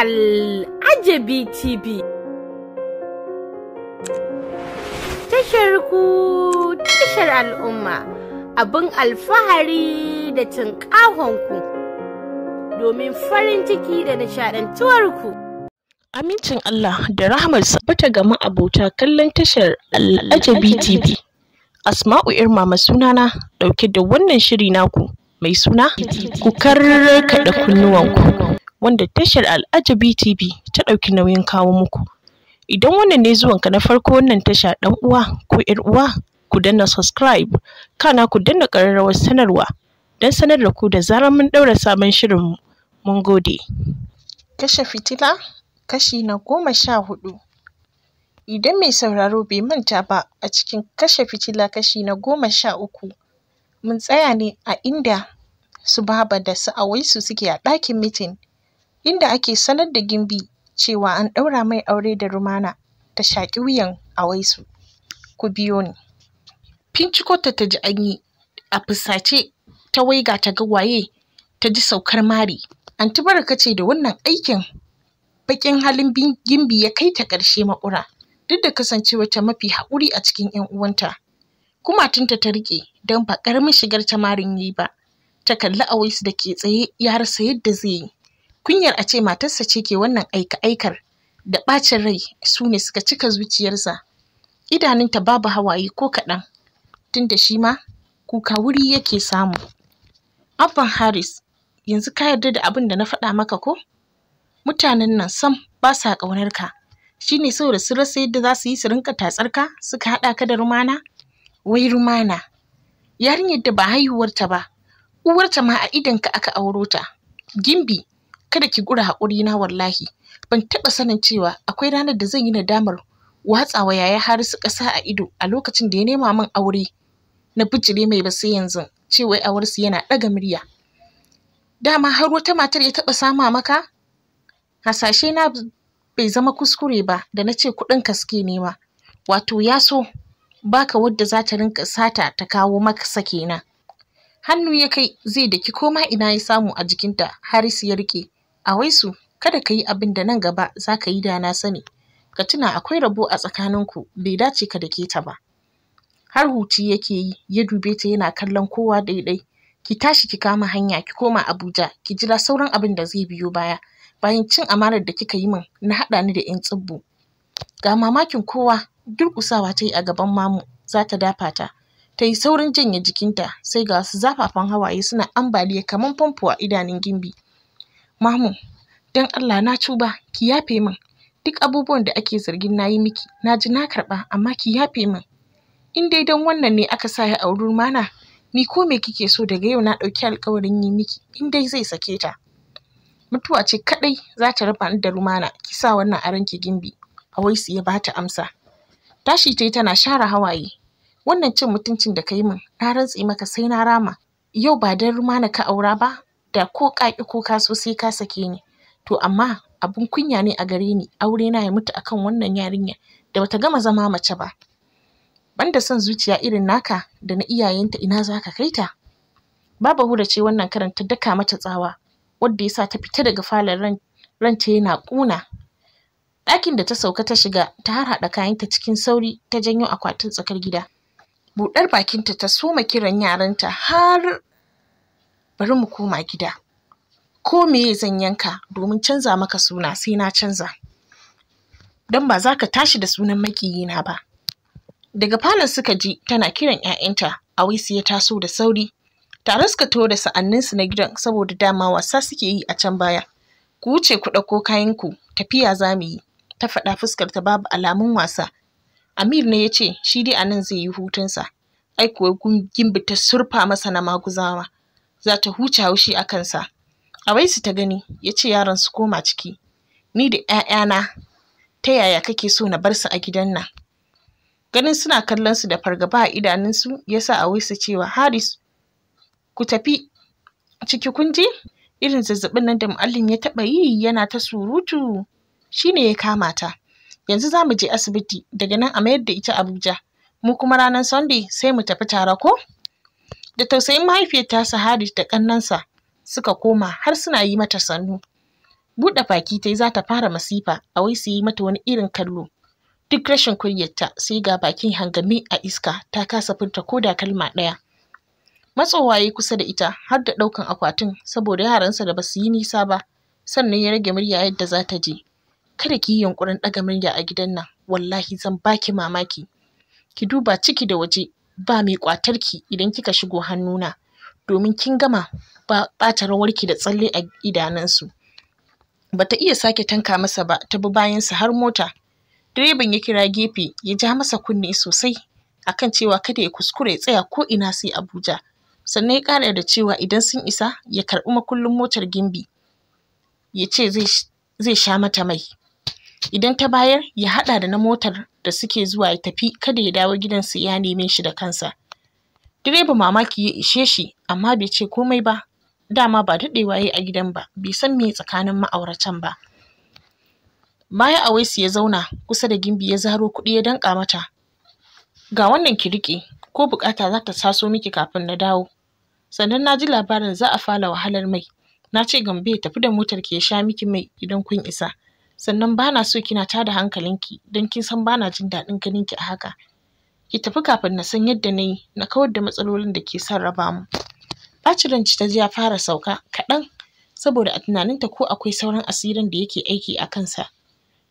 Al'ajabi TV. Tashar ku tashar al'umma abin alfahari da cin ku domin farin ciki da ku. Amincin Allah da rahmar bata gama abota kallon tashar Al'ajabi TV. Asma'u Irma sunana ɗauke da wannan shiri naku mai suna ku karkaɗa kunnuwanku. wanda tashar Al'ajabi TV ta ɗauki nauyin kawo muku. Idan wannan ne zuwanka na farko wannan tasha ɗan uwa ko ‘yar uwa ku danna subscribe kana ku danna ƙararrawar sanarwa don sanar da ku da zarar mun ɗaura sabon shirin mun gode. Kashe fitila kashi na goma sha hudu. Idan mai sauraro bai manta ba a cikin kashe fitila kashi na goma sha uku mun tsaya ne a inda su Baba da su Awaisu suke a ɗakin mitin inda ake sanar da Gimbi cewa an ɗaura mai aure da Rumana ta shaƙi wuyan Awaisu. Ku biyo ni. Fincikota ta ji an a fusace ta waiga ta ga waye ta ji saukar mari. Anti Baraka ce da wannan aikin baƙin halin Gimbi ya kai ta ƙarshe maƙura duk da kasancewar ta mafi haƙuri a cikin 'yan uwanta. kumatinta ta riƙe don ba ƙaramin shigar ta marin yi ba. Ta kalli Awaisu da ke tsaye ya rasa yadda zai yi. kunyar a ce matarsa ce ke wannan aika-aikar da ɓacin rai su ne suka cika zuciyarsa idanunta babu hawaye ko kaɗan tun da shi ma kuka wuri yake samu abban Harris, yanzu ka yarda da abin da na faɗa maka ko mutanen nan sam ba sa ƙaunar ka shine saboda su rasa yadda za su yi su rinka tatsar ka suka haɗa ka da rumana wai rumana yarinyar da ba haihuwarta ba uwarta ma a idonka aka auro ta gimbi kada ki gura haƙurina, wallahi ban taɓa sanin cewa akwai ranar da zan yi nadamar watsawa yaya harisu ƙasa a ido a lokacin da ya nema min aure na bijire mai ba sai yanzu cewa awarsu yana ɗaga murya dama har wata matar ya taɓa sama maka hasashe na bai zama kuskure ba da na ce kuɗin ka suke nema wato ya so baka wadda za ta rinka sata ta kawo maka sakena hannu ya kai zai daki koma ina ya samu a jikinta harisu ya rike A waisu, kada ka yi abin da nan gaba za ka yi da na sani. Ka tuna akwai rabo a tsakaninku, bai dace ka dake ta ba. Har huci yake yi, ya dube ta yana kallon kowa daidai. Ki tashi ki kama hanya, ki koma Abuja, ki jira sauran abin da zai biyo baya. Bayan cin amanar da kika yi min, na haɗa ni da 'yan tsibbo. Ga mamakin kowa, durƙusawa ta yi a gaban mamu, za ta dafa ta. ta yi saurin janye jikinta sai ga wasu zafafan hawaye suna ambaliya kamar famfo a idanun gimbi mamu dan Allah na tuba ki yafe min duk abubuwan da ake zargin nayi miki na ji na karɓa amma ki yafe min in dai dan wannan ne aka sa ya auri rumana ni ko me kike so daga yau na ɗauki alƙawarin yi miki in dai zai sake ta mutuwa ce kaɗai za ta raba ni da rumana ki sa wannan a ki gimbi A Awaisu ya bata amsa tashi tayi tana share hawaye wannan cin mutuncin da ka yi min na rantse maka sai na rama yau ba dan rumana ka aura ba da ko ka ko ka so sai ka sake ni to amma abun kunya ne a gare ni aure na ya mutu akan wannan yarinya da bata gama zama mace ba banda son zuciya irin naka da na iyayenta ina za ka kai ta Baba Hura ce wannan karan ta daka mata tsawa wanda yasa ta fita daga falon ran ranta yana ƙuna ɗakin da ta sauka ta shiga ta harhaɗa kayanta cikin sauri ta janyo akwatin tsakar gida buɗar bakinta ta soma kiran yaranta har bari mu koma gida ko meye zan yanka domin canza maka suna sai na canza don ba za ka tashi da sunan makiyina ba daga falon suka ji tana kiran 'ya'yanta awaisu ya taso da sauri tare suka to da sa'anninsu na gidan saboda dama wasa suke yi a can baya ku wuce ku ɗauko kayanku tafiya za mu yi ta faɗa fuskar ta babu alamun wasa amir ne ya ce shi dai a nan zai yi hutunsa ai kuwa ta surfa masa na maguzawa za ta huce haushi a kansa awaisu ta gani ya ce yaron su koma ciki ni da 'ya'yana ta yaya kake so na bar su a gidan nan ganin suna kallon su da fargaba a idanunsu ya sa awaisu cewa haris ku tafi ciki kun ji irin zazzabin nan da mu'allim ya taɓa yi yana ta surutu Shi ne ya kama ta yanzu za mu je asibiti daga nan a mayar da ita abuja mu kuma ranar sunday sai mu tafi tare ko da tausayin mahaifiyata, tasa da ƙannansa suka koma har suna yi mata sannu buɗe baki ta yi za ta fara masifa a wai su yi mata wani irin kallo duk rashin kuryarta sai ga bakin hangami a iska ta kasa furta ko da kalma ɗaya matsowa ya kusa da ita har da ɗaukan akwatin saboda yaransa da basu yi nisa ba sannan ya rage murya yadda za ta je kada ki yi yunƙurin ɗaga murya a gidan nan wallahi zan baki mamaki ki duba ciki da waje ba mai ƙwatarki idan kika shigo hannuna domin kin gama ɓata rawarki da tsalle a idanunsu bata iya sake tanka masa ba ta bi bayansa har mota direban ya kira gefe ya ja masa kunne sosai akan cewa kada ya kuskure ya tsaya ko ina sai abuja sannan ya ƙara da cewa idan sun isa ya karɓi makullin motar gimbi ya ce zai sha mata mai idan ta bayar ya haɗa da na motar da suke zuwa ya tafi kada ya dawo gidan su ya neme shi da kansa direba mamaki ya ishe shi amma bai ce komai ba dama ba daɗewa ya a gidan ba bai san me tsakanin ma'auratan ba Maya Awaisu ya zauna kusa da Gimbi ya zaro kuɗi ya danƙa mata. Ga wannan ki riƙe, ko buƙata za ta taso miki kafin na dawo. Sannan na ji labarin za a fara wahalar mai. Na ce Gambe ya tafi da motar ki ya sha miki mai idan kun isa. sannan ba na so kina tada hankalinki don kin san ba na jin daɗin ki a haka ki tafi kafin na san yadda na yi na kawar da matsalolin da ke son raba mu ɓacin ta ji ya fara sauka kaɗan saboda a tunaninta ko akwai sauran asirin da yake aiki a kansa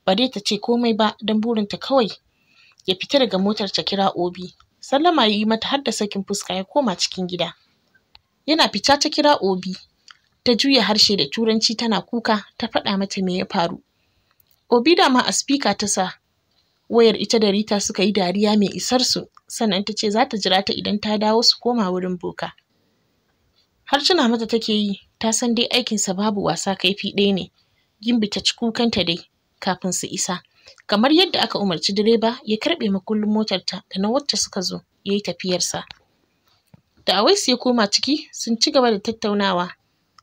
ba dai ta ce komai ba don burinta kawai ya fita daga motar ta kira obi sallama ya yi mata har da sakin fuska ya koma cikin gida yana fita ta kira obi ta juya harshe da turanci tana kuka ta faɗa mata me ya faru Obi ma a spika ta sa wayar ita da Rita suka yi dariya mai isar su sannan ta ce za ta jira ta idan ta dawo su koma wurin boka. Har tuna mata take yi ta san dai aikinsa babu wasa kaifi ɗaya ne. Gimbi ta ci kukanta dai kafin su isa. Kamar yadda aka umarci direba ya karɓe makullin motarta da na wacce suka zo ya yi tafiyarsa. Da su ya koma ciki sun ci gaba da tattaunawa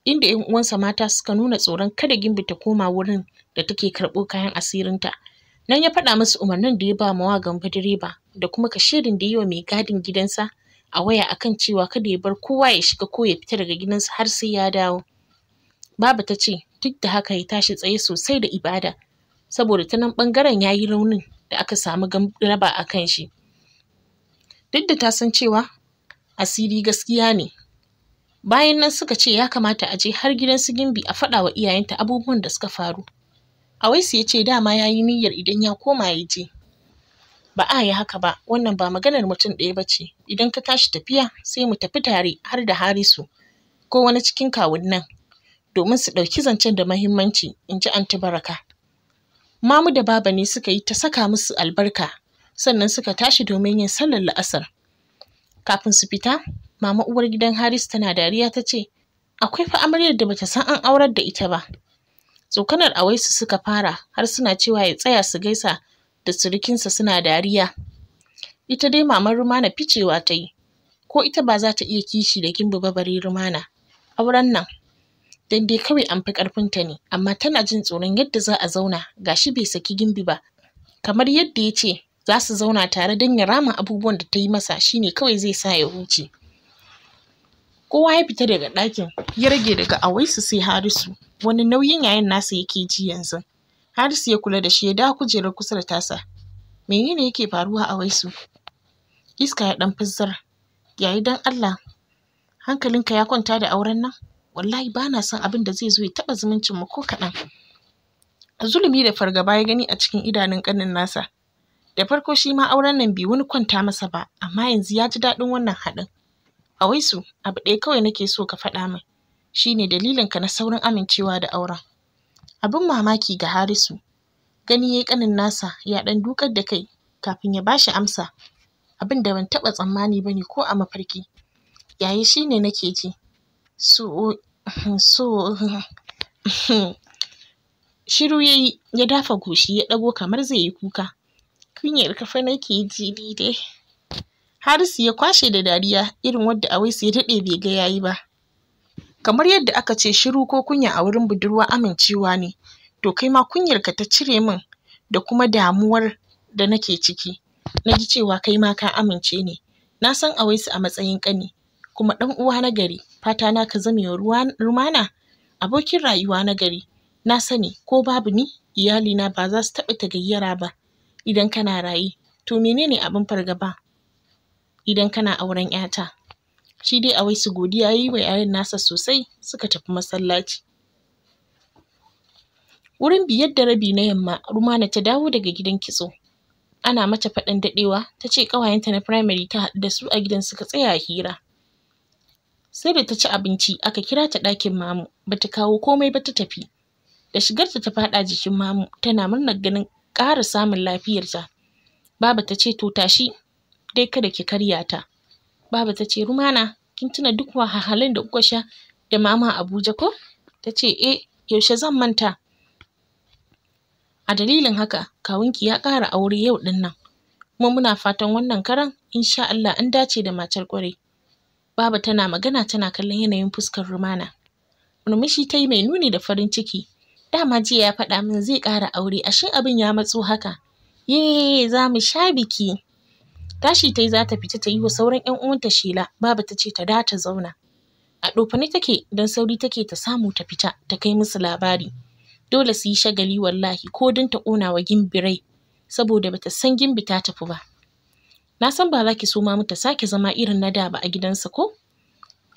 inda 'yan uwansa mata suka nuna tsoron kada Gimbi ta koma wurin da take karɓo kayan asirinta. Nan ya faɗa musu umarnin da ya ba mawa gamba direba da kuma kashirin da yi wa mai gadin gidansa a waya akan cewa kada ya bar kowa ya shiga ko ya fita daga gidansa har sai ya dawo. Baba ta ce duk da haka ya tashi tsaye sosai da ibada saboda ta nan ɓangaren ya yi raunin da aka samu raba a kan shi. Duk da ta san cewa asiri gaskiya ne bayan nan suka ce ya kamata a je har gidan su gimbi a faɗa wa iyayenta abubuwan da suka faru Awaisu ya ce dama ya yi niyyar idan ya koma ya je. Ba a yi haka ba, wannan ba maganar mutum ɗaya ba ce. Idan ka tashi tafiya sai mu tafi tare har da Harisu ko wani cikin kawunnan domin su ɗauki zancen da mahimmanci, in ji Anti Baraka. Mamu da Baba ne suka yi ta saka musu albarka, sannan suka tashi domin yin sallar la'asar. Kafin su fita, mama uwar gidan Haris tana dariya ta ce, akwai fa amaryar da bata san an aurar da ita ba. tsokanar awaisu suka fara har suna cewa ya tsaya su gaisa da surukinsa suna dariya ita dai maman rumana ficewa ta yi ko ita ba za ta iya kishi da gimbi ba rumana auren nan dan dai kawai an fi ƙarfinta ne amma tana jin tsoron yadda za a zauna Ga shi bai saki gimbi ba kamar yadda ya ce za su zauna tare don ya rama abubuwan da ta yi masa shine kawai zai sa ya huce kowa ya fita daga ɗakin ya rage daga awaisu sai harisu wani nauyin yayin nasa yake ji yanzu harisu ya kula da shi ya dawo kujerar kusa da tasa menene yake faruwa a waisu iska ya ɗan fizzar yayi dan allah hankalinka ya kwanta da auren nan wallahi ba na son abin da zai zo ya taɓa zumuncin mu ko kaɗan zulumi da fargaba ya gani a cikin idanun ƙanin nasa da farko shi ma auren nan bai wani kwanta masa ba amma yanzu ya ji daɗin wannan haɗin A waisu, abu ɗaya kawai nake so ka faɗa min, shi ne ka na saurin amincewa da auren. Abin mamaki ga Harisu, gani ya ƙanin nasa ya ɗan dukar da kai kafin ya bashi amsa, abin da ban taɓa tsammani ba ne ko a mafarki. Yaya shi ne nake ji, so, so, shiru ya yi ya dafa goshi ya ɗago kamar zai yi kuka. Kunyar kafa nake ji dai. Harisu ya kwashe da dariya irin wadda Awaisu ya daɗe bai ga yayi ba. Kamar yadda aka ce shiru ko kunya a wurin budurwa amincewa ne, to kai ma kunyar ka ta cire min da kuma damuwar da nake ciki. Na ji cewa kai ma ka amince ne. Na san Awaisu a matsayin ƙani, kuma ɗan uwa na gari, fata na ka zame rumana, abokin rayuwa na gari. Na sani ko babu ni iyalina ba za su taɓa ta gayyara ba idan kana raye. To menene abin fargaba? idan kana auren 'yata. Shi dai a su godiya ya yi wa yayan nasa sosai suka tafi masallaci. Wurin biyar da rabi na yamma Rumana ta dawo daga gidan kitso. Ana mata faɗin daɗewa ta ce ƙawayenta na firamare ta haɗu da su a gidan suka tsaya a hira. Sai da ta ci abinci aka kira ta ɗakin mamu bata kawo komai ba ta tafi. Da shigarta ta faɗa jikin mamu tana murnar ganin ƙara samun lafiyarta. Baba ta ce to tashi dai kada ki karya ta baba ta ce rumana kin tuna duk wahalhalun da kuka sha da mama abuja ko ta ce e yaushe zan manta a dalilin haka kawunki ya ƙara aure yau ɗin nan kuma muna fatan wannan karan insha Allah an dace da matar ƙwarai baba tana magana tana kallon yanayin fuskar rumana murmushi ta yi mai nuni da farin ciki dama jiya ya faɗa min zai ƙara aure ashe abin ya matso haka ye za mu sha biki tashi ta yi za ta fita ta yi wa sauran 'yan uwanta shela baba ta ce ta da ta zauna a ɗofani take don sauri take ta samu ta fita ta kai musu labari dole su yi shagali wallahi ko don ta ƙona wa gimbirai saboda bata san gimbi ta tafi ba na san ba za ki so mamu ta sake zama irin na da ba a gidansa ko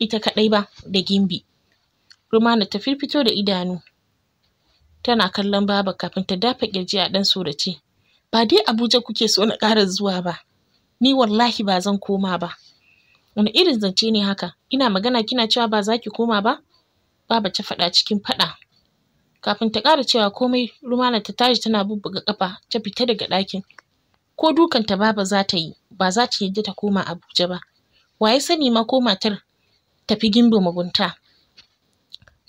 ita kaɗai ba da gimbi rumana ta firfito da idanu tana kallon baba kafin ta dafa ƙirji a ɗan so ba dai abuja kuke so na ƙara zuwa ba ni wallahi ba zan koma ba wani irin zance ne haka ina magana kina cewa ba za ki koma ba baba ta faɗa cikin faɗa kafin ta ƙara cewa komai rumana ta tashi tana bubbuga ƙafa ta fita daga ɗakin ko dukanta baba za ta yi ba za ta yadda ta koma abuja ba waye sani ma ko matar tafi gimbo mugunta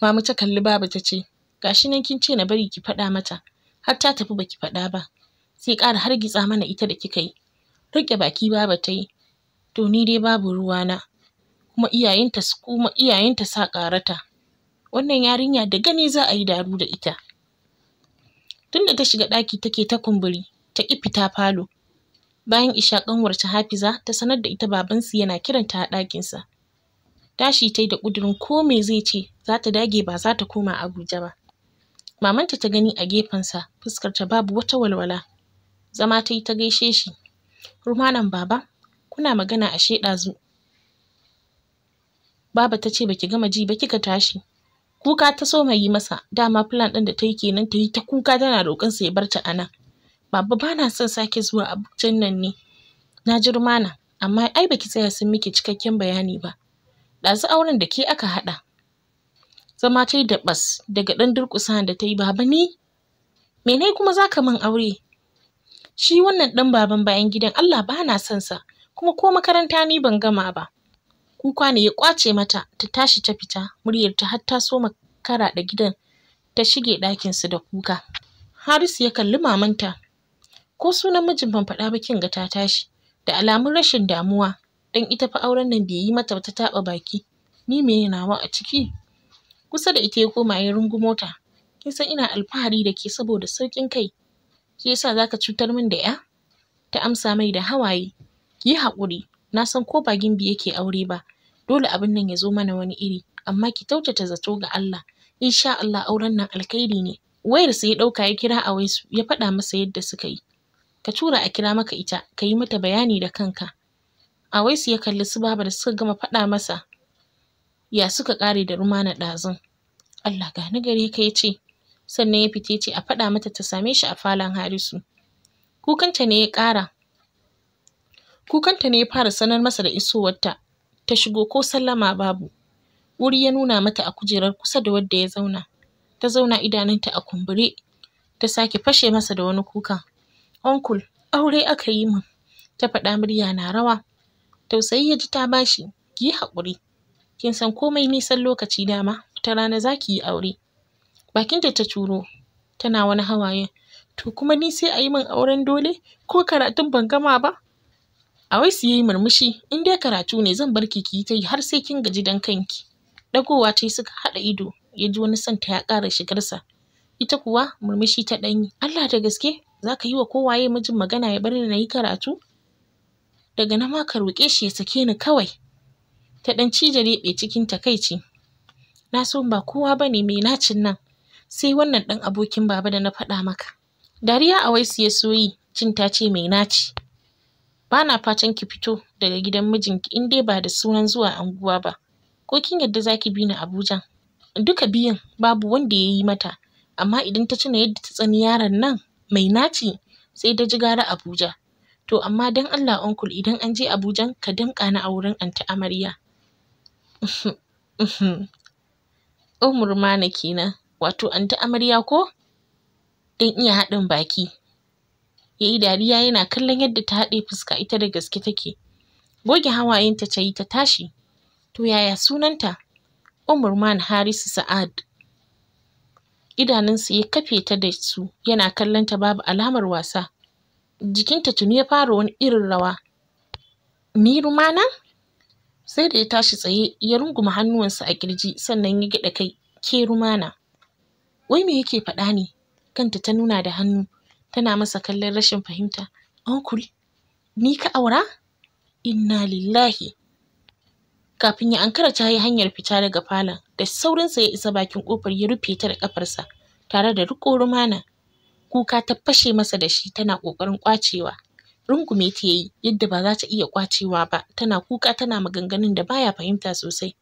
mama ta kalli baba ta ce gashi nan kin ce na bari ki faɗa mata har ta tafi ki faɗa ba sai ƙara hargitsa mana ita da kika yi riƙe baki baba ta yi to ni dai babu ruwana kuma iyayenta kuma iyayenta sa ƙarata wannan yarinya da gani za a yi daru da ita tunda ta shiga ɗaki take ta kumburi ta ƙi fita falo bayan isha ƙanwarta hafiza ta sanar da ita babansu yana kiranta a ɗakinsa tashi ta yi da ƙudurin ko me zai ce za ta dage ba za ta koma abuja ba mamanta ta gani a gefensa fuskarta babu wata walwala zama ta yi ta gaishe shi Rumanan baba, kuna magana ashe ɗazu. Baba ta ce baki gama ji ba kika tashi. Kuka ta so mai yi masa, dama plan ɗin da ta yi kenan ta yi ta kuka tana roƙon sa ya bar ta a nan. Baba bana na son sake zuwa abincin nan ne. Na ji rumana, amma ai baki tsaya sun miki cikakken bayani ba. Ɗazu auren da ke aka haɗa. Zama ta yi da ɓas daga ɗan durƙusa da ta yi baba ni. Mene kuma za ka min aure? shi wannan ɗan baban bayan gidan Allah ba na son sa kuma ko makaranta ni ban gama ba kuka ne ya kwace mata ta tashi ta fita muryar ta har ta so makara da gidan ta shige ɗakin su da kuka Harisu ya kalli mamanta ko sunan mijin ban faɗa ba ga ta tashi da alamun rashin damuwa dan ita fa auren nan bai yi mata ta taɓa baki ni me nawa a ciki kusa da ita ya koma ya rungu mota kin san ina alfahari da ke saboda sauƙin kai shi yasa ka cutar min da ya ta amsa mai da hawaye yi haƙuri na san ko ba gimbi yake aure ba dole abin nan ya zo mana wani iri amma ki tautata zato ga Allah insha Allah auren nan alkhairi ne wayar sai ya ɗauka ya kira a waisu ya faɗa masa yadda suka yi ka tura a kira maka ita ka yi mata bayani da kanka a waisu ya kalli su baba da suka gama faɗa masa ya suka ƙare da rumana ɗazun Allah gani gare ka ya ce sannan ya fita ce a faɗa mata ta same shi a falon Harisu. Kukanta ne ya ƙara. Kukanta ne ya fara sanar masa da isowarta, ta shigo ko sallama babu. Wuri ya nuna mata a kujerar kusa da wadda ya zauna. Ta zauna idanunta a kumbure, ta sake fashe masa da wani kuka. Onkul, aure aka yi min, ta faɗa murya na rawa. Tausayi ya ji ta bashi, ki yi haƙuri. Kin san komai nisan lokaci dama, ta rana za ki yi aure. bakinta ta turo tana wani hawaye. to kuma ni sai a yi min auren dole ko karatun ban gama ba a wai su yi murmushi in dai karatu ne zan bar ki kiyi ta yi har sai kin gaji dan kanki dagowa ta yi suka haɗa ido ya ji wani ta ya ƙara shigarsa ita kuwa murmushi ta ɗanyi Allah da gaske za ka yi wa kowaye mijin magana ya bar ni na yi karatu daga na ma ka roƙe shi ya sake ni kawai ta ɗan cije cikin takaici na so ba kowa ba ne mai nacin nan sai wannan ɗan abokin baba da na faɗa maka dariya a waisu ya soyi jin ta ce mai naci ba na fatan ki fito daga gidan mijinki in dai ba da sunan zuwa anguwa ba ko kin yadda zaki bi ni abuja duka biyun babu wanda ya yi mata amma idan ta tuna yadda ta tsani yaron nan mai naci sai ta ji gara abuja to amma don allah onkul idan an je Abuja ka damƙa ni a wurin anti amarya uhm, uhm. umurma na kenan wato anti amarya ko don iya haɗin baki ya yi dariya yana kallon yadda ta haɗe fuska ita da gaske take goge hawayenta ta yi ta tashi to yaya sunanta umurman harisu sa'ad idanunsa ya kafe ta da su yana kallon ta babu alamar wasa jikinta tuni ya fara wani irin rawa ni rumana sai da ya tashi tsaye ya runguma hannuwansa a kirji sannan ya gida kai ke rumana wai me yake faɗa ne kanta ta nuna da hannu tana masa kallon rashin fahimta uncle ni ka aura inna lillahi kafin ya ankara ta yi hanyar fita daga falon da saurin sa ya isa bakin kofar ya rufe ta da kafarsa tare da riko rumana kuka ta fashe masa da shi tana kokarin kwacewa rungume ta yi yadda ba za ta iya kwacewa ba tana kuka tana maganganun da baya fahimta sosai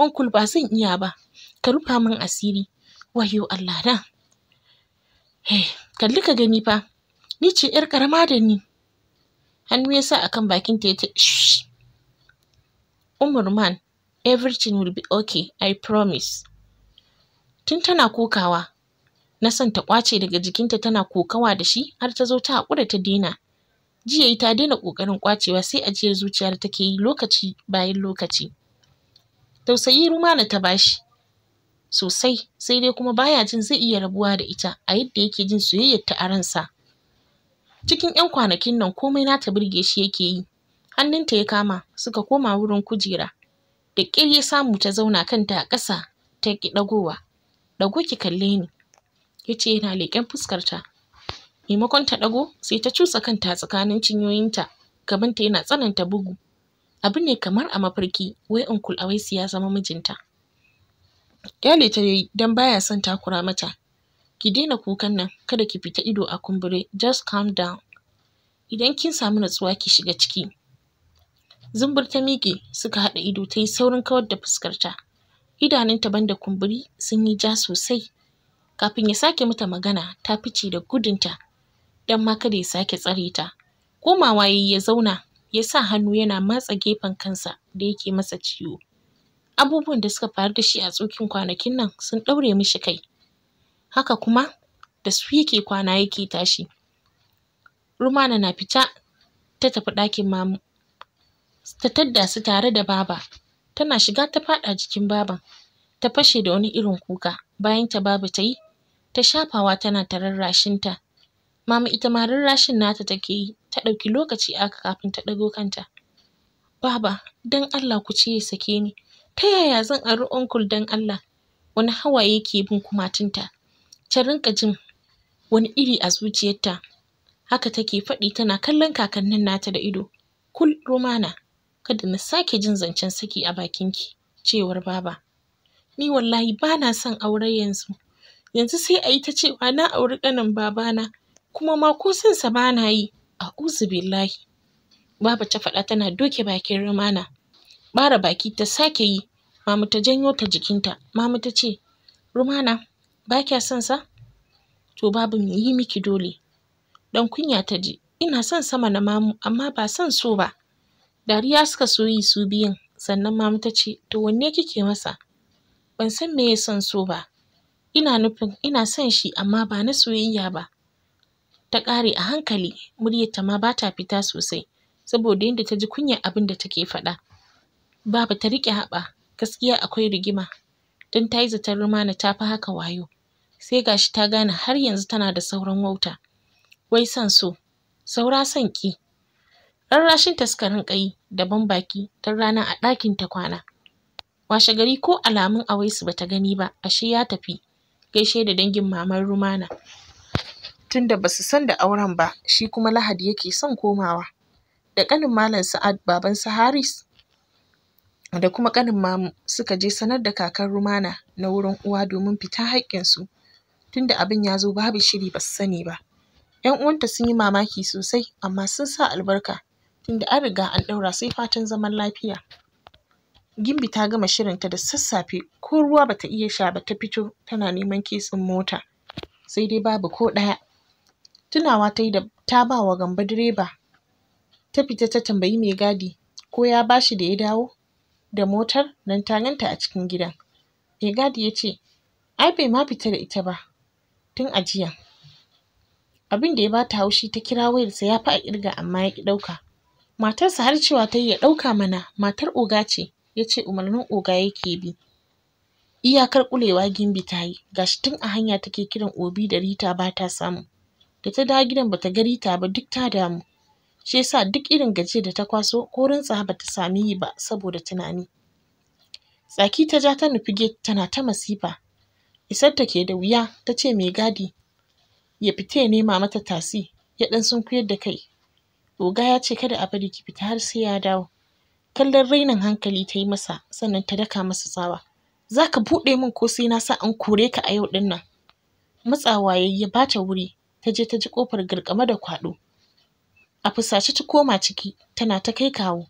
Uncle! ba zan iya ba ka rufa min asiri wayo Allah na he kalli ka gani fa ni ce yar karama da ni hannu ya sa akan bakin ta yace man, everything will be okay I promise tun tana kokawa na son ta kwace daga jikinta tana kokawa da shi har ta zo ta haƙura ta daina jiya ta daina ƙoƙarin ƙwacewa, sai ajiyar zuciyar take yi lokaci bayan lokaci tausayi rumana ta bashi sosai sai dai kuma baya jin zai iya rabuwa da ita a yadda yake jin soyayyarta a ransa cikin 'yan kwanakin nan komai na ta birge shi yake yi hannunta ya kama suka koma wurin kujera da ƙir ya samu ta zauna kanta a ƙasa ta ƙi ɗagowa ɗago ki kalle ni ya ce yana leƙen fuskarta maimakon ta ɗago sai ta cusa kanta tsakanin cinyoyinta gabanta yana tsananta bugu abu ne kamar a mafarki wai unkul awaisu ya zama mijinta Ƙyale ta yayi don ba son takura mata. Ki daina kukan nan, kada ki fita ido a kumbure, just calm down. Idan kin samu natsuwa ki shiga ciki. Zumbur ta miƙe suka haɗa ido ta yi saurin kawar da fuskarta. ta banda kumburi sun yi ja sosai. Kafin ya sake mata magana ta fice da gudun ta, don ma kada ya sake tsare ta. Komawa ya yi ya zauna ya sa hannu yana matsa gefen kansa da yake masa ciwo. abubuwan da suka faru da shi a tsokin kwanakin nan sun ɗaure mishi kai haka kuma da su yake kwana yake tashi rumana na fita ta tafi ɗakin mamu ta tadda su tare da baba tana shiga ta faɗa jikin baban ta fashe da wani irin kuka bayan ta baba ta yi ta shafawa tana ta ta mama ita ma rarrashin nata take yi ta ɗauki lokaci aka kafin ta ɗago kanta baba don Allah ku ce ya sake ni ta yaya zan auri onkul dan Allah wani hawaye ke bin kumatunta ta rinka jin wani iri a zuciyarta haka take faɗi tana kallon kakannin nata da ido kul romana kada na sake jin zancen saki a bakin ki, cewar baba ni wallahi ba na son aure yanzu yanzu sai a yi ta cewa na auri ƙanin babana kuma ma ko sansa ba na yi a billahi baba ta faɗa tana doke bakin romana Bara baki ta sake yi mamu ta janyo ta jikinta mamu ta ce rumana ba kya son sa to babu mai yi miki dole dan kunya ta ji ina son sama na mamu amma ba son so ba dariya suka soyi su biyun sannan mamu ta ce to wanne kike masa ban san me ya son so ba ina nufin ina son shi amma ba na soyayya ba ta ƙare a hankali muryarta ma ba ta fita sosai saboda yadda ta ji kunya abin da take faɗa Baba ta riƙe haɓa, gaskiya akwai rigima, don ta yi zaton rumana ta fi haka wayo. Sai gashi ta gane har yanzu tana da sauran wauta. Wai son so, saura son ƙi. Rarrashin taskarin ƙai da ban baki don rana a ɗakin ta kwana. Washe gari ko alamun awaisu bata gani ba, ashe ya tafi gaishe da dangin maman Rumana. Tunda su san da auren ba, shi kuma Lahadi yake son komawa. Da ƙanin Malam Sa'ad baban Haris da kuma ƙanin mamu suka je sanar da kakar Rumana na wurin uwa domin fita haƙƙinsu tunda abin ya zo babu shiri ba su sani ba. ‘Yan uwanta sun yi mamaki sosai amma sun sa albarka tunda an riga an ɗaura sai fatan zaman lafiya. Gimbi ta gama shirinta da sassafe ko ruwa ba ta iya sha ba ta fito tana neman kitsin mota sai dai babu ko ɗaya. Tunawa ta yi da ta ba wa Gambo direba ta fita ta tambayi mai gadi ko ya bashi da ya dawo da motar nan ta ganta a cikin gidan mai gadi ya ce ai bai ma fita da ita ba tun a jiya abin da ya bata haushi ta kira wayarsa ya fi a kirga amma ya ki ɗauka matarsa har cewa ta yi ya ɗauka mana matar oga ce ya ce umarnin oga yake bi iyakar ƙulewa, gimbi ta yi gashi tun a hanya take kiran obi da rita ba ta samu da ta dawo gidan bata ga rita ba duk ta damu shi yasa duk irin gaje da ta kwaso ko rintsa ba ta sami yi ba saboda tunani tsaki ta ja ta nufi gate tana ta masifa isar ta ke da wuya ta ce mai gadi ya fita ya nema mata tasi ya sun kuyar da kai oga ya ce kada a bari ki fita har sai ya dawo kallon rainin hankali ta yi masa sannan ta daka masa tsawa za ka buɗe min ko sai na sa an kore ka a yau ɗin nan matsawa ya bata wuri ta je ta ji kofar garkama da kwaɗo a fusace ta koma ciki tana ta kai kawo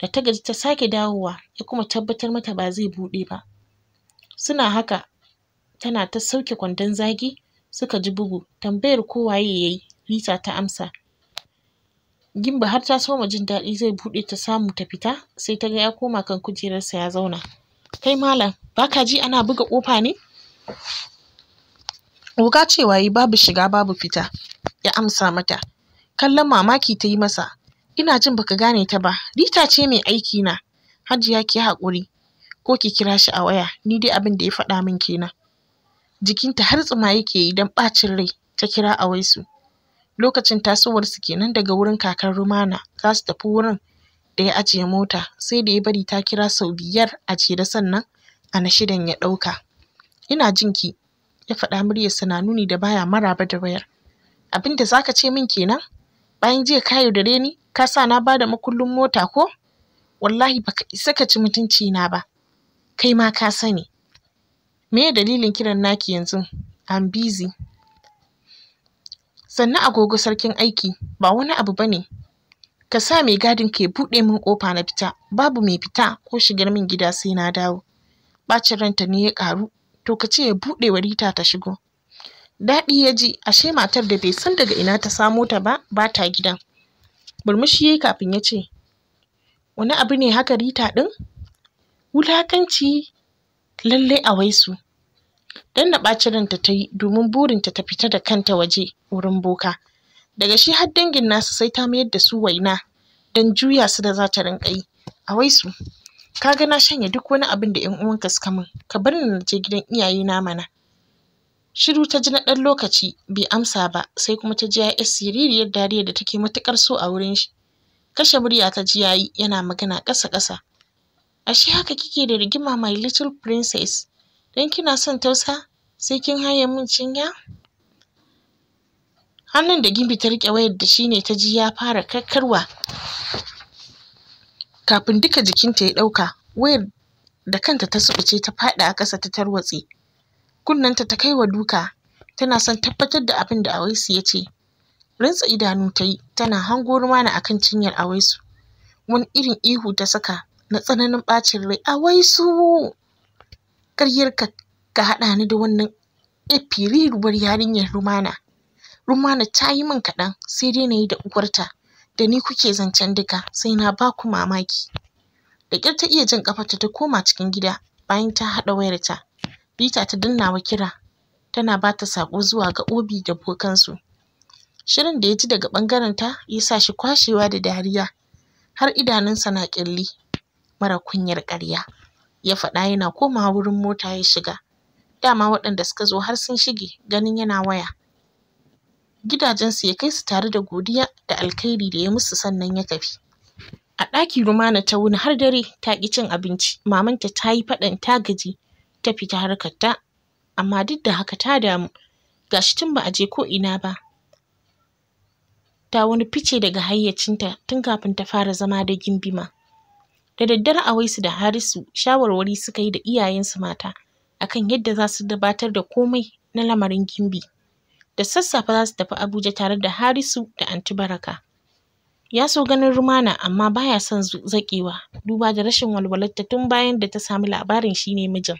da ta gaji ta sake dawowa ya kuma tabbatar mata ba zai buɗe ba suna haka tana ta sauke kwandon zagi suka ji bugu tambayar ko waye yayi Lisa ta amsa Gimba har ta soma jin daɗi zai buɗe ta samu ta fita sai ta ga ya koma kan kujerarsa ya zauna kai malam baka ji ana buga ƙofa ne Oga cewa yi babu shiga babu fita ya amsa mata kallon mamaki ta yi masa ina jin baka gane ta ba rita ce mai aiki na hajiya ki hakuri. ko ki kira shi a waya ni dai abin da ya faɗa min kenan jikinta har tsuma yake yi don ɓacin rai ta kira a waisu lokacin tasowarsu kenan daga wurin kakar rumana za su tafi wurin da ya ajiye mota sai da ya bari ta kira sau biyar a jere sannan a na shidan ya ɗauka ina jin ki ya faɗa muryarsa na nuni da baya maraba da wayar abin da zaka ce min kenan bayan jiya ka yaudare ni ka sa na bada makullin mota ko wallahi baka isa ka ci mutunci na ba kai ma ka sani me dalilin kiran naki yanzu I'm busy sannan agogo sarkin aiki ba wani abu bane ka sa mai gadin ka buɗe min ƙofa na fita babu mai fita ko shigar min gida sai na dawo bacin ranta ne ya ƙaru to ka ce ya buɗe warita ta shigo Daɗi ya ji ashe matar da bai san daga ina ta samo ta ba ba ta gidan. Burmushi ya yi kafin ya ce, Wani abu ne haka Rita ɗin? wulakanci lallai a waisu. Dan na ɓaci ranta ta yi domin burinta ta fita da kanta waje wurin boka. Daga shi har dangin nasu sai ta mayar da su waina don juya su da za ta rinƙa yi. A waisu, ka ga na shanye duk wani abin da 'yan uwanka suka min, ka bar ni na je gidan iyayena mana. Shiru ta ji na ɗan lokaci bai amsa ba sai kuma ta ji ya siririyar dariyar da take matuƙar so a wurin shi. Kashe murya ta ji yayi yana magana ƙasa-ƙasa. Ashe haka kike da rigima my little princess don kina son tausa sai kin haye min cinya? Hannun da Gimbi ta riƙe wayar da shi ne ta ji ya fara kakkarwa kafin duka jikinta ya ɗauka wayar da kanta ta suɓuce ta faɗi a ƙasa ta tarwatse. kunnen ta kai wa duka tana son tabbatar da abin da Awaisu ya ce rintsa idanu ta yi tana hango rumana a kan cinyar Awaisu wani irin ihu ta saka na tsananin bacin rai Awaisu karyar ka ka haɗa ni da wannan efiriruwar yarinyar rumana rumana ta yi min kaɗan sai dai na yi da uwarta da ni kuke zancen duka sai na ba ku mamaki da ƙyar ta iya jin ƙafarta ta koma cikin gida bayan ta haɗa wayarta Rita ta dannawa kira tana ba ta sako zuwa ga Obi da bokansu. Shirin da ya ji daga ta ya sa shi kwashewa da dariya har idanunsa na ƙyalli. Mara kunyar ƙarya, ya faɗa yana komawa wurin mota ya shiga. Dama waɗanda suka zo har sun shige ganin yana waya. Gidajensu ya kai su tare da godiya da alkhairi da ya musu sannan ya tafi. A ɗaki Rumana ta wuni har dare ta ƙi cin abinci, mamanta ta yi faɗan ta gaji ta fita harkar ta, amma duk da haka ta damu gashi tun ba a je ko ina ba ta wani fice daga hayyacinta tun kafin ta fara zama da gimbi ma. da daddare a waisu da harisu shawarwari suka yi da iyayensu mata akan yadda za su gabatar da komai na lamarin gimbi da sassafe za su tafi abuja tare da harisu da anti baraka ya so ganin rumana amma baya son zaƙewa duba da rashin walwalarta tun bayan da ta samu labarin shi ne mijin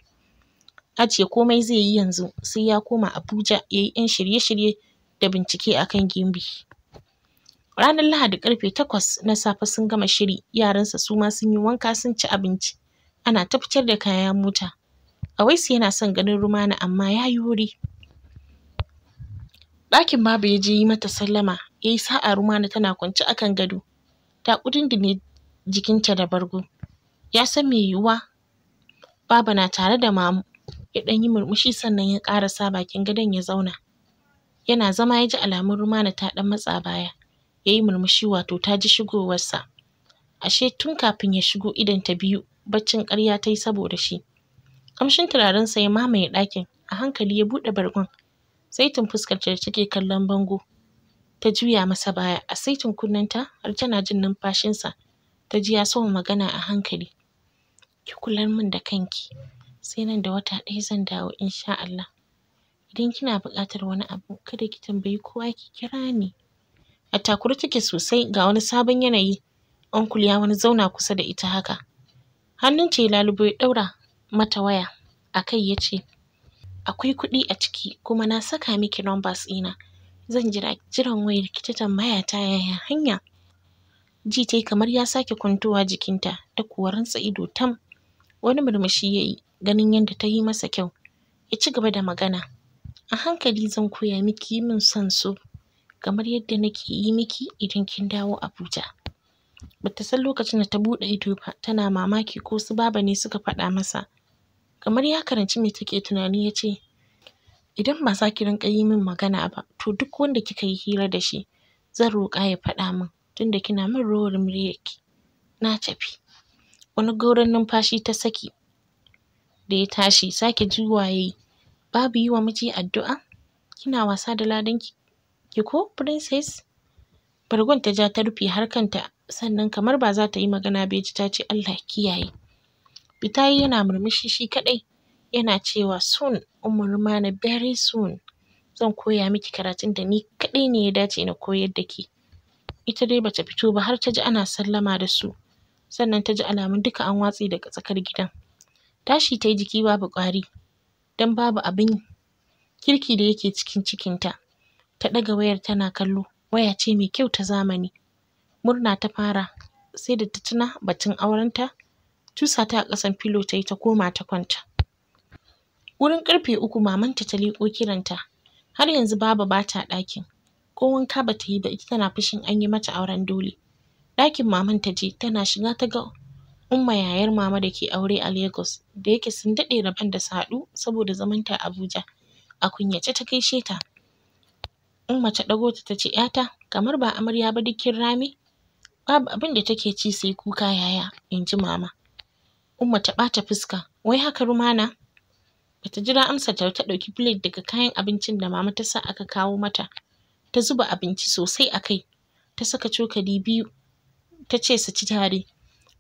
ajiye komai zai yi yanzu sai ya koma Abuja ya yi 'yan shirye-shirye da bincike a kan Gimbi. Ranar Lahadi ƙarfe takwas na safe sun gama shiri yaransa su ma sun yi wanka sun ci abinci ana ta fitar da kayan mota. Awaisu yana son ganin Rumana amma ya yi wuri. ɗakin babu ya je yi mata sallama ya yi sa'a rumana tana kwance a kan gado ta ne jikinta da bargo ya san mai yiwuwa baba na tare da mamu ya ɗan yi murmushi sannan ya ƙara sa bakin gadon ya zauna. Yana zama ya ji alamun rumana ta ɗan matsa baya, ya yi murmushi wato ta ji shigowarsa. Ashe tun kafin ya shigo ta biyu baccin ƙarya ta yi saboda shi. Kamshin turarensa ya mamaye ɗakin, a hankali ya buɗe bargon. Saitin fuskarta da take kallon bango ta juya masa baya a saitin kunnenta har tana jin numfashinsa ta ji ya soma magana a hankali. Ki kular min da kanki. sai nan da wata ɗaya zan dawo insha Allah idan kina buƙatar wani abu kada ki tambayi kowa ki kira ni a takure take sosai ga wani sabon yanayi uncle ya wani zauna kusa da ita haka hannun ce lalubo ya ɗaura mata waya a kai ya ce akwai kuɗi a ciki kuma na saka miki numbers ɗina zan jira jiran wayar ki ta tambaya ta yaya hanya ji tai kamar ya sake kwantowa jikinta ta kuwa rantsa ido tam wani murmushi ya yi ganin yadda ta yi masa kyau ya ci gaba da magana a hankali zan koya miki yi min son so kamar yadda nake yi miki idan kin dawo Abuja bata san lokacin da ta buɗe ido ba tana mamaki ko su baba ne suka faɗa masa kamar ya karanci me take tunani ya ce idan ba za ki rinƙa yi min magana ba to duk wanda kika yi hira da shi zan roƙa ya faɗa min tunda kina min rawar muryarki na tafi wani gauron numfashi ta saki da ya tashi sake juwa yayi babu yi wa miji addu'a kina wasa da ladanki ki ko princess bargon ta ja ta rufe har kanta sannan kamar ba za ta yi magana ba ji ta ce Allah kiyaye Bitayi yana murmushi shi kaɗai yana cewa soon umma na very soon zan koya miki karatun da ni kaɗai ne ya dace na koyar da ki. ita dai bata fito ba har ta ji ana sallama da su sannan ta ji alamun duka an watse daga tsakar gidan Tashi ta yi jiki babu ƙwari don babu abin kirki da yake cikin cikinta. Ta ɗaga wayar tana kallo, waya ce mai kyau ta zamani. Murna ta fara sai da ta tuna batun aurenta, cusa ta a ƙasan filo ta yi ta koma ta kwanta. Wurin ƙarfe uku mamanta ta leƙo kiranta, har yanzu baba ba ta ɗakin. Ko wanka ba yi ba ita tana fushin an yi mata auren dole. Ɗakin maman taje tana shiga ta ga Umma yayar mama da ke aure a Lagos da yake sun daɗe rabon da su haɗu saboda zamanta a Abuja. A kunyace ta gaishe ta. Umma ta ɗago ta ce ‘yata kamar ba amarya ba dukkin rami, Babu abin da take ci sai kuka yaya in ji mama. Umma ta ɓata fuska wai haka rumana? Bata jira amsa ta ta ɗauki plate daga kayan abincin da mama ta sa aka kawo mata. Ta zuba abinci sosai a kai. Ta saka cokali biyu ta ce su ci tare.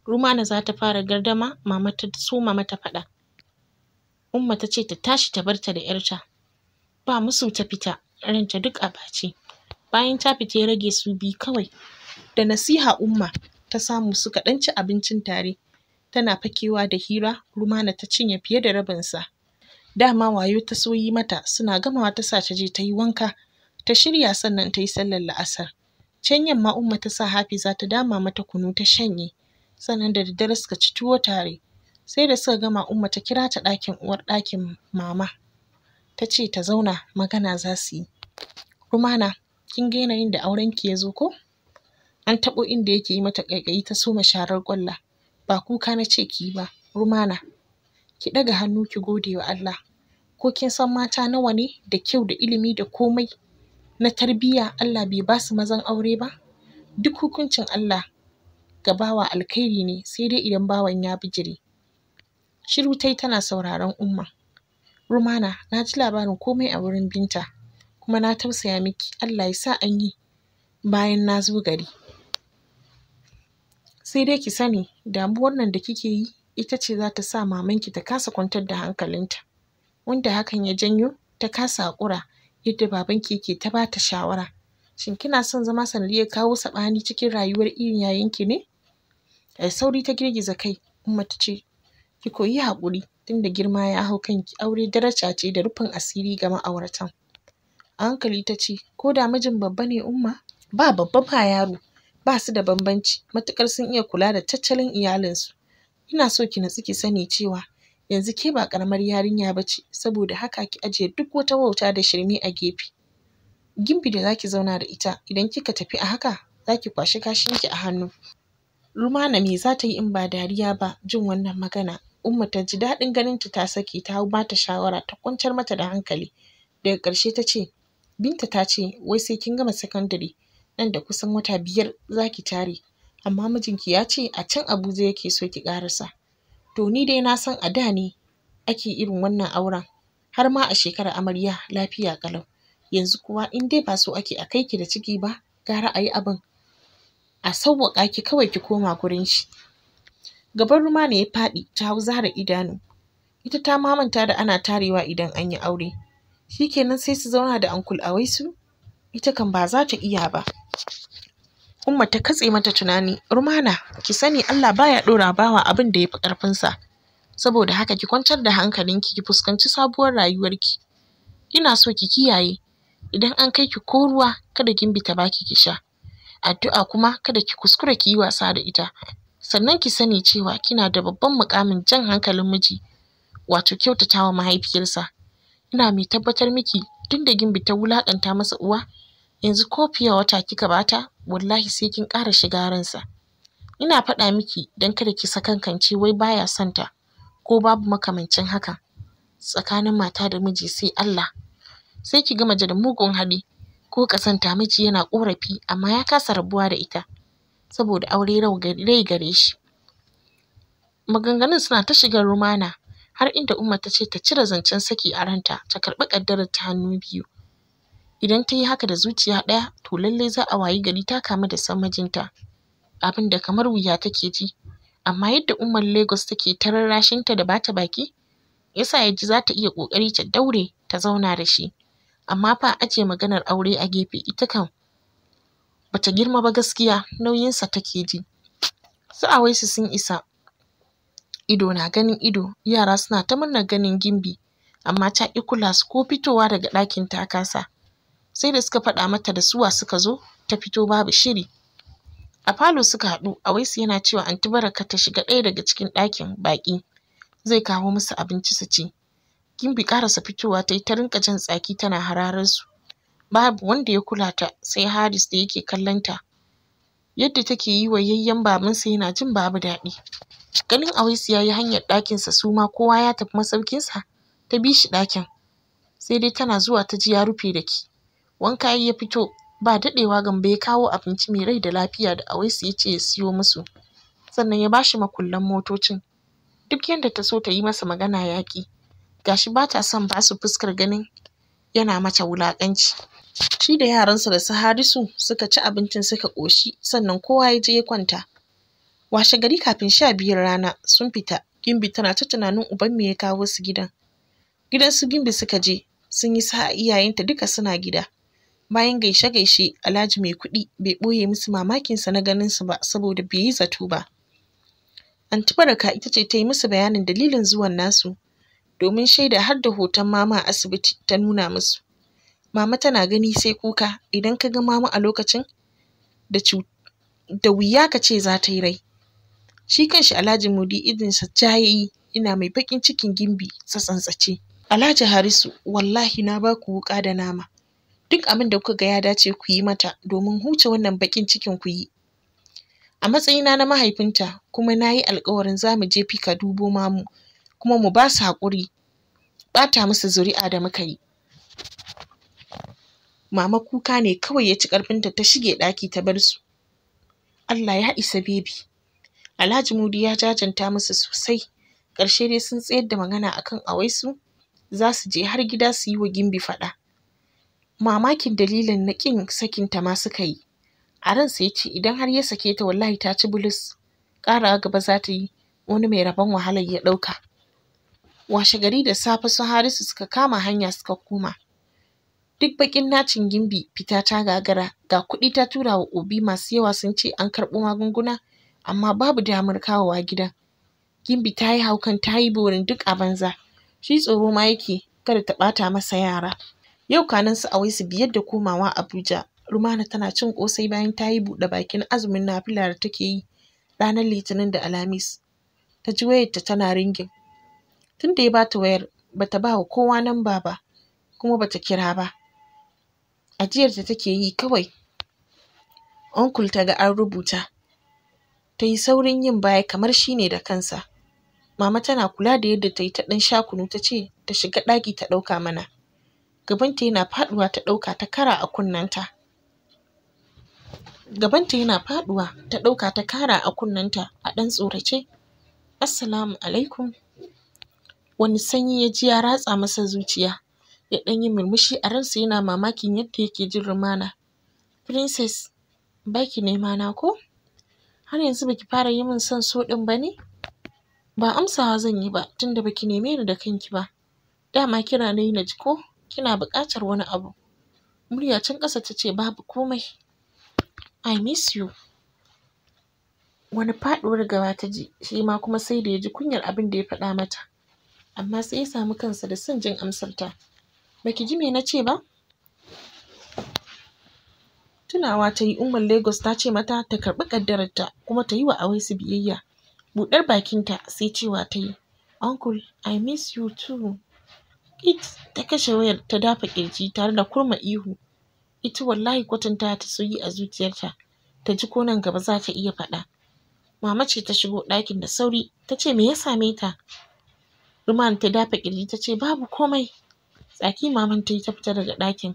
Rumana za ta fara gardama mama ta soma mata faɗa. Umma ta ce ta tashi ta barta da ‘yarta. Ba musu ta fita, ranta duk a ɓace. Bayan ta fita ya rage su bi kawai. Da nasiha Umma ta samu suka ɗan ci abincin tare. Tana fakewa da hira, Rumana ta cinye fiye da rabinsa. Dama wayo ta so yi mata, suna gamawa ta sa ta je ta yi wanka. Ta shirya sannan ta yi sallar la'asar. Can yamma Umma ta sa Hafiza ta dama mata kunu ta shanye. sannan da daddare suka ci tuwo tare sai da suka gama umma ta kira ta ɗakin uwar ɗakin mama ta ce ta zauna magana za su yi rumana kin ga yanayin da aurenki ya zo ko an taɓo inda yake yi mata ƙaiƙayi ta soma sharar ƙwalla ba kuka na ce ki ba rumana ki ɗaga hannu ki gode wa Allah ko kin san mata nawa ne da kyau da ilimi da komai na tarbiyya Allah bai ba su mazan aure ba duk hukuncin Allah ga bawa alkhairi ne sai dai idan bawan ya bijire shiru tai tana sauraron umma rumana na ji labarin komai a wurin binta kuma na tausaya miki allah ya sa an yi bayan na zo gari sai dai ki sani damuwar nan da kike yi ita ce za ta sa mamanki ta kasa kwantar da hankalinta wanda hakan ya janyo ta kasa haƙura yadda babanki yake ta ba ta shawara shin kina son zama sanadiyar kawo saɓani cikin rayuwar irin yayinki ne a eh, sauri ta girgiza kai umma ta ce ki koyi haƙuri tunda girma ya hau kanki aure daraja ce da rufin asiri ga ma'auratan a hankali ta ce ko da mijin babba ne umma ba babba ba yaro ba su da bambanci matuƙar sun iya kula da tattalin iyalinsu ina so ki natsu ki sani cewa yanzu ke ba ƙaramar yarinya ba ce saboda haka ki ajiye duk wata wauta da shirme a gefe gimbi da zaki zauna da ita idan kika tafi a haka zaki kwashi ki a hannu rumana me zata yi in ba dariya ba jin wannan magana umma ta ji daɗin ganin ta ta saki ta hau bata shawara ta kwantar mata da hankali daga ƙarshe ta ce binta ta ce wai sai kin gama sakandare nan da kusan wata biyar zaki tare amma mijinki ya ce a can abuja yake so ki ƙarasa to ni dai na san a da ne ake irin wannan auren har ma a shekarar amarya lafiya ƙalau yanzu kuwa in dai ba so ake a kai ki da ciki ba gara a yi abin a sauwaƙa ki kawai ki koma gurin shi gaban ruma ne ya faɗi ta hau zara idanu ita ta mamanta da ana tarewa idan an yi aure Shi shikenan sai su zauna da ankul a waisu ita kan ba za ta iya ba umma ta katse mata tunani rumana ki sani Allah baya ɗora bawa abin da ya fi ƙarfinsa saboda haka ki kwantar da hankalinki ki fuskanci sabuwar rayuwarki ina so ki kiyaye idan an kai ki ko ruwa kada bi ta baki ki sha addu'a kuma kada ki kuskura ki yi wasa da ita sannan ki sani cewa kina da babban mukamin jan hankalin miji wato kyautata wa mahaifiyarsa ina mai tabbatar miki tun da gimbi ta wulakanta masa uwa yanzu ko fiye wata kika bata wallahi sai kin ƙara shiga ransa ina faɗa miki don kada ki sakankance wai baya son ta ko babu makamancin haka tsakanin mata da miji sai Allah sai ki gama jada mugun hali ko kasanta miji yana korafi amma ya kasa rabuwa da ita saboda aure rai gare shi maganganun suna ta shigar rumana har inda umma ta ce ta cire zancen saki a ranta ta karbi ƙaddarar ta hannu biyu idan ta yi haka da zuciya ɗaya to lallai za a wayi gari ta kamu da san abin da kamar wuya take ji amma yadda umar lagos take ta da bata baki yasa ya ji za ta iya ƙoƙari ta daure ta zauna da shi amma fa aje maganar aure a gefe ita kam bata girma ba gaskiya nauyinsa take ji su su sun isa ido na ganin ido yara suna ta murnar ganin gimbi amma ta ƙi kula su ko fitowa daga ɗakin ta kasa sai da suka faɗa mata da suwa suka zo ta fito babu shiri a falo suka haɗu A waisu yana cewa anti baraka ta shiga ɗaya daga cikin ɗakin baƙi zai kawo musu abinci su ci Gimbi ƙarasa fitowa ta yi ta rinƙa jan tsaki tana hararar su. Babu wanda ya kula ta sai Haris da yake kallon ta. Yadda take yi wa yayyen babansa yana jin babu daɗi. Ganin Awaisu ya yi hanyar ɗakinsa su ma kowa ya tafi masaukinsa ta bi shi ɗakin. Sai dai tana zuwa ta ji ya rufe da ki. Wanka ya fito ba daɗewa Gambo ya kawo abinci mai rai da lafiya da Awaisu ya ce ya siyo musu. Sannan ya ba shi makullan motocin. Duk yadda ta so ta yi masa magana ya gashi ba ta son ba su fuskar ganin yana mata wulaƙanci shi da yaransa da su suka ci abincin suka ƙoshi sannan kowa ya je ya kwanta washe gari kafin sha biyar rana sun fita Gimbi tana ta tunanin uban me ya kawo su gidan gidan su Gimbi suka je sun yi sa'a iyayenta duka suna gida bayan gaishe-gaishe Alhaji mai kuɗi bai ɓoye musu mamakinsa na ganin su ba saboda bai yi zato ba An ita ce ta yi musu bayanin dalilin zuwan nasu domin shaida har da hoton mama a asibiti ta nuna musu. Mama tana gani sai kuka idan ka ga mama a lokacin da wuya ka ce za ta yi rai. Shi kanshi Alhaji Mudi idinsa yi ina mai baƙin cikin gimbi tsantsace. Alhaji Harisu wallahi na ba ku wuƙa da nama. Duk abin da kuka ga ya dace ku yi mata domin huce wannan baƙin cikin ku yi. A matsayina na mahaifinta kuma na yi alƙawarin za mu je fika dubo mamu kuma mu ba su haƙuri ɓata musu zuri'a da muka yi mama kuka ne kawai ya ci ƙarfinta ta shige ɗaki ta bar su Allah ya isa bebi Alhaji Mudi ya jajanta musu sosai ƙarshe dai sun tsayar da magana akan su, za su je har gida su yi wa gimbi faɗa mamakin dalilin na ƙin ta ma suka yi a ransa ya ce idan har ya sake ta wallahi ta ci bulus ƙarawa gaba za ta yi wani mai rabon wahalar ya ɗauka washe gari da safe su harisu suka kama hanya suka koma duk bakin nacin gimbi fita ta gagara ga kuɗi ta tura wa obi masu yawa sun ce an karɓo magunguna amma babu damar kawowa gidan gimbi ta yi haukan ta yi borin duk a banza shi tsoro ma yake kada ta ɓata masa yara yau kanan su awai su biyar da komawa abuja rumana tana cin ƙosai bayan ta yi buɗe bakin azumin nafila da take yi ranar litinin da alhamis ta ji wayarta tana ringin Tun da ya bata wayar ba ta ba wa kowa namba ba kuma ba ta kira ba ajiyar da take yi kawai onkul ta ga an rubuta ta yi saurin yin baya kamar shine da kansa mama tana kula da yadda ta yi ta ɗan sha ta ce ta shiga ɗaki ta ɗauka mana gabanta yana faɗuwa ta ɗauka ta kara a kunnenta gabanta yana faɗuwa ta ɗauka ta kara a kunnenta a ɗan tsorace assalamu alaikum wani sanyi ya ji ya ratsa masa zuciya ya ɗan yi murmushi a ransa yana mamakin yadda yake jin rumana princess ba ki nema na ko har yanzu baki fara yi min son so ɗin ba ne ba amsawa zan yi ba tunda baki neme ni da kanki ba dama kina na yi na ji ko kina buƙatar wani abu murya can ƙasa ta ce babu komai I miss you wani faɗuwar gaba ta ji shi ma kuma sai da ya ji kunyar abin da ya faɗa mata amma sai ya samu kansa da son jin amsarta baki ji me na ce ba tunawa ta yi umar lagos ta ce mata ta karɓi ƙaddararta kuma ta yi wa awaisu biyayya buɗar bakinta sai cewa ta yi uncle i miss you too it ta kashe wayar ta dafa ƙirji tare da kurma ihu ita wallahi kwatanta ta soyi a zuciyarta ta ji ko nan gaba za ta iya faɗa mama ce ta shigo ɗakin da sauri ta ce me ya same ta Ruman ta dafa kirji ta ce babu komai. Tsaki maman ta yi ta fita daga ɗakin.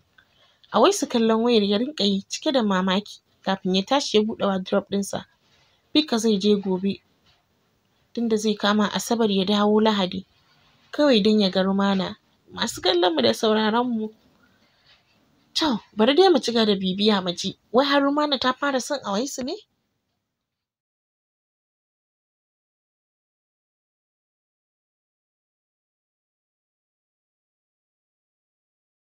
A wai su kallon wayar ya rinka yi cike da mamaki kafin ya tashi ya buɗe wardrobe ɗinsa. Bika zai je gobe tunda zai kama Asabar ya dawo Lahadi. Kawai don ya ga Rumana. Masu kallon mu da sauraron mu. To, bari dai mu ci da bibiya mu ji wai har Rumana ta fara son a waisu ne?